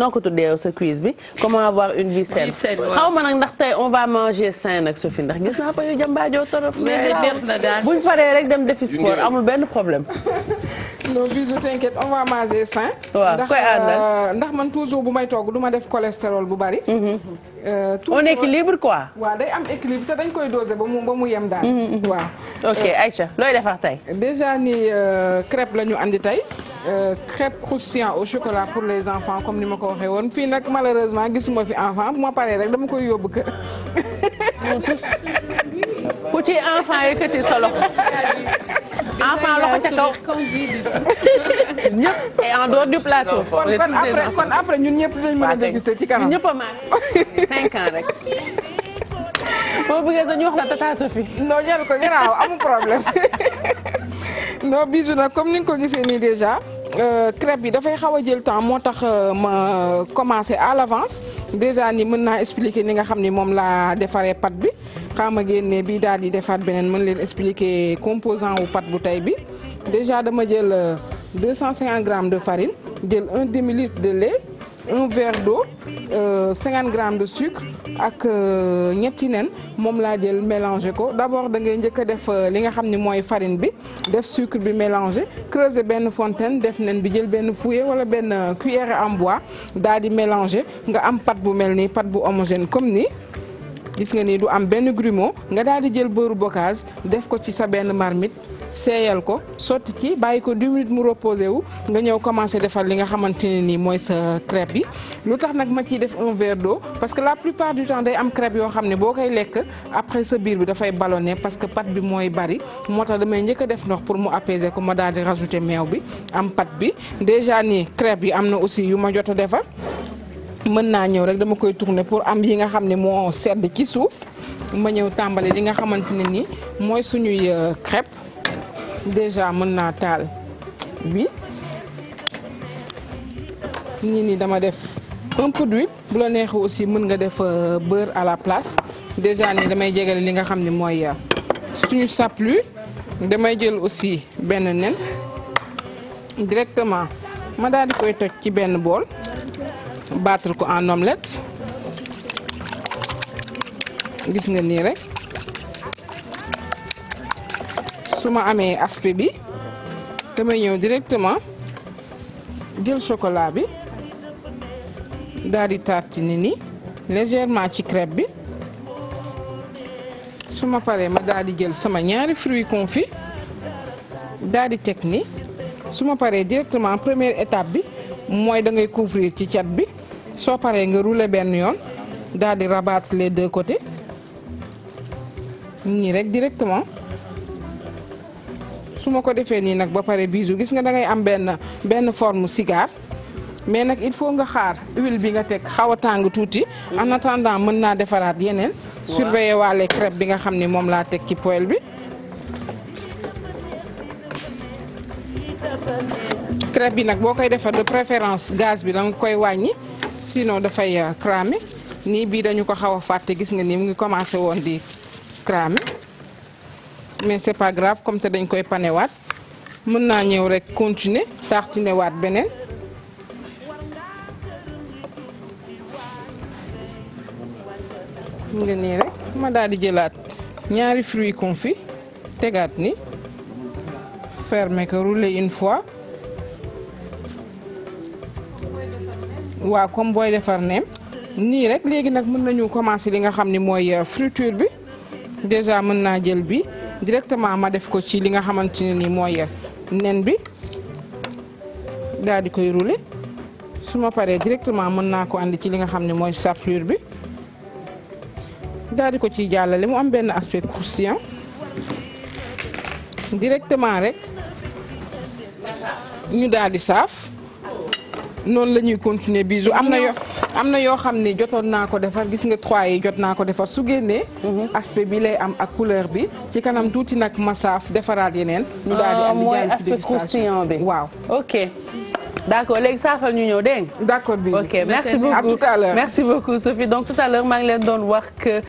noo ko tuddee sa bi comment avoir une vie saine. xaw ndax tey on va manger sain nag Sophie ndax gis naa fa yu jàmbaajoo torop. mais neex na daal buñ paree rek dem defi sport amul benn problème. non bisu t'inquiète on va manger sain. waaw koy àndal euh, ndax man toujours bu may togg du ma def cholestérol bu bari. Mhm. Euh, tout on équilibre quoi. waaw day am équilibre te dañ koy doser ba mu ba mu yem daal. Mhm, mhm. waaw ay Aïcha looy defar tey. déjà ni euh, crêpe la ñu andi tey. crêpe euh, croustillant au chocolat pour les enfants comme ni ma ko waxee woon fii nag malheureusement gisuma fi enfant bu ma paree rek dama koy yóbbu kër. ku ci enfant yëkkati sa loxo. enfant loxo ca kaw ñëpp et en dehors du plateau. kon après kon après ñun ñëpp dinañ mën a déguster ci kanam ñëpp a maas cinq ans rek. boo bëggee sax ñu wax la tata Sophie. non ñëw ko garaaw amul problème. no bisu nag comme ni nga ko gisee nii déjà euh, crêpe bi dafay xaw a jël temps moo tax euh, ma euh, commencé à l'avance déjà ni mën naa expliquer ni nga xam ni moom laa defaree pâte bi xam a génne bii daal di defaat beneen mën leen expliquer composant wu pâte bu tey bi déjà dama jël 250 grammes de farine jël un demi litre de lait. un verre d'eau euh, cinquante grammes de sucre ak euh, ñetti neen moom laa jël mélangé ko d'abord da ngay njëkk a def euh, li nga xam ni mooy farine bi def sucre bi mélangé creuser benn fontaine def nen bi jël benn fouet wala benn cuillère en bois daal di mélangé nga am pâte bu mel ni pâte bu homogène comme nii gis nga nii du am benn grumeau nga daal di jël beurre bocage def ko ci sa benn marmite seeyal ko sotti ci bàyyi ko 10 minutes mu reposé wu nga ñëw commencé defal li nga xamante ne nii mooy sa crêpe bi lu tax nag ma ciy def un verre d'eau parce que la plupart du temps day am crêpe yoo xam ne boo koy lekk après sa biir bi dafay ballonné parce que pâte bi mooy bari moo tax damay njëkk a def ndox mu apaiser ko ma meew bi am bi déjà nii crêpe yi am na aussi yu ma jot a defar mën naa ñëw rek dama koy tourner pour am yi nga xam ne moo sedd ci suuf ma ñëw tàmbali li nga xamante ne ni mooy suñuy euh, crêpe déjà mën naa taal bi nii nii dama def un peu d'huile bu la neexee aussi mën nga def euh, bër à la place déjà nii damay jege li nga xam ne mooy euh, suñu chapelure damay jël aussi benn nen directement ma daal di koy toj ci benn bool battre ko en omelette gis nga nii rekk su ma amee aspect bi damay ñëw directement jël chocolat bi daal di tartiner ni nii légèrement ci crêpe bi su ma paree ma daal di jël sama ñaari fruits confits daal di teg ni su ma paree directement première étape bi mooy da ngay couvrir ci cat bi soo paree nga rule benn yoon daal di rabattre les deux côtés ñii rek directement. su ma ko defee nii nag ba pare bijou gis nga da ngay am benn benn forme cigare mais nag il faut nga xaar huile bi nga teg xaw a tàng tuuti. en attendant mën naa defaraat yeneen. waaw surveiller waale crêpe bi nga xam ni moom laa teg ci poêle bi. crêpe bi nag boo koy defar de préférence gaz bi da nga koy wàññi sinon dafay euh, cramer nii bii dañu ko xaw a fàtte gis nga nii mu ngi commencé woon di cramer. mais c'est pas grave comme te dañ koy waat mën naa ñëw rek continuer tartinewaat beneen nga nii rek ma daal di jëlaat ñaari fruits confits tegaat ni fermer ko une fois waaw comme booy defar neem nii rek léegi nag mën nañu commencer li nga xam ni mooy euh, friture bi déjà mën naa jël bi directement ma def ko ci li nga xamante ne nii mooy nen bi daal di koy rouler su ma paree directement mën naa ko andi ci li nga xam ne mooy chapelure bi daal di ko ciy jàllale mu am benn aspect croustillant directement rek ñu daal di saaf noonu la ñuy continuer bisu am na yo am na yoo xam ne jotoon naa ko defar gis nga trois yi jot naa ko defar su génnee. Mhm. aspect bi lay am ak couleur bi ci kanam tuuti nag masaaf defaraat yeneen. ñu daal di am ah, li mooy aspect croustillant bi waaw. ok d'accord léegi saafal ñu ñëw dégg nga. d'accord bi ok merci beaucoup à tout à l'heure merci beaucoup Sophie donc tout à l'heure maa leen doon wax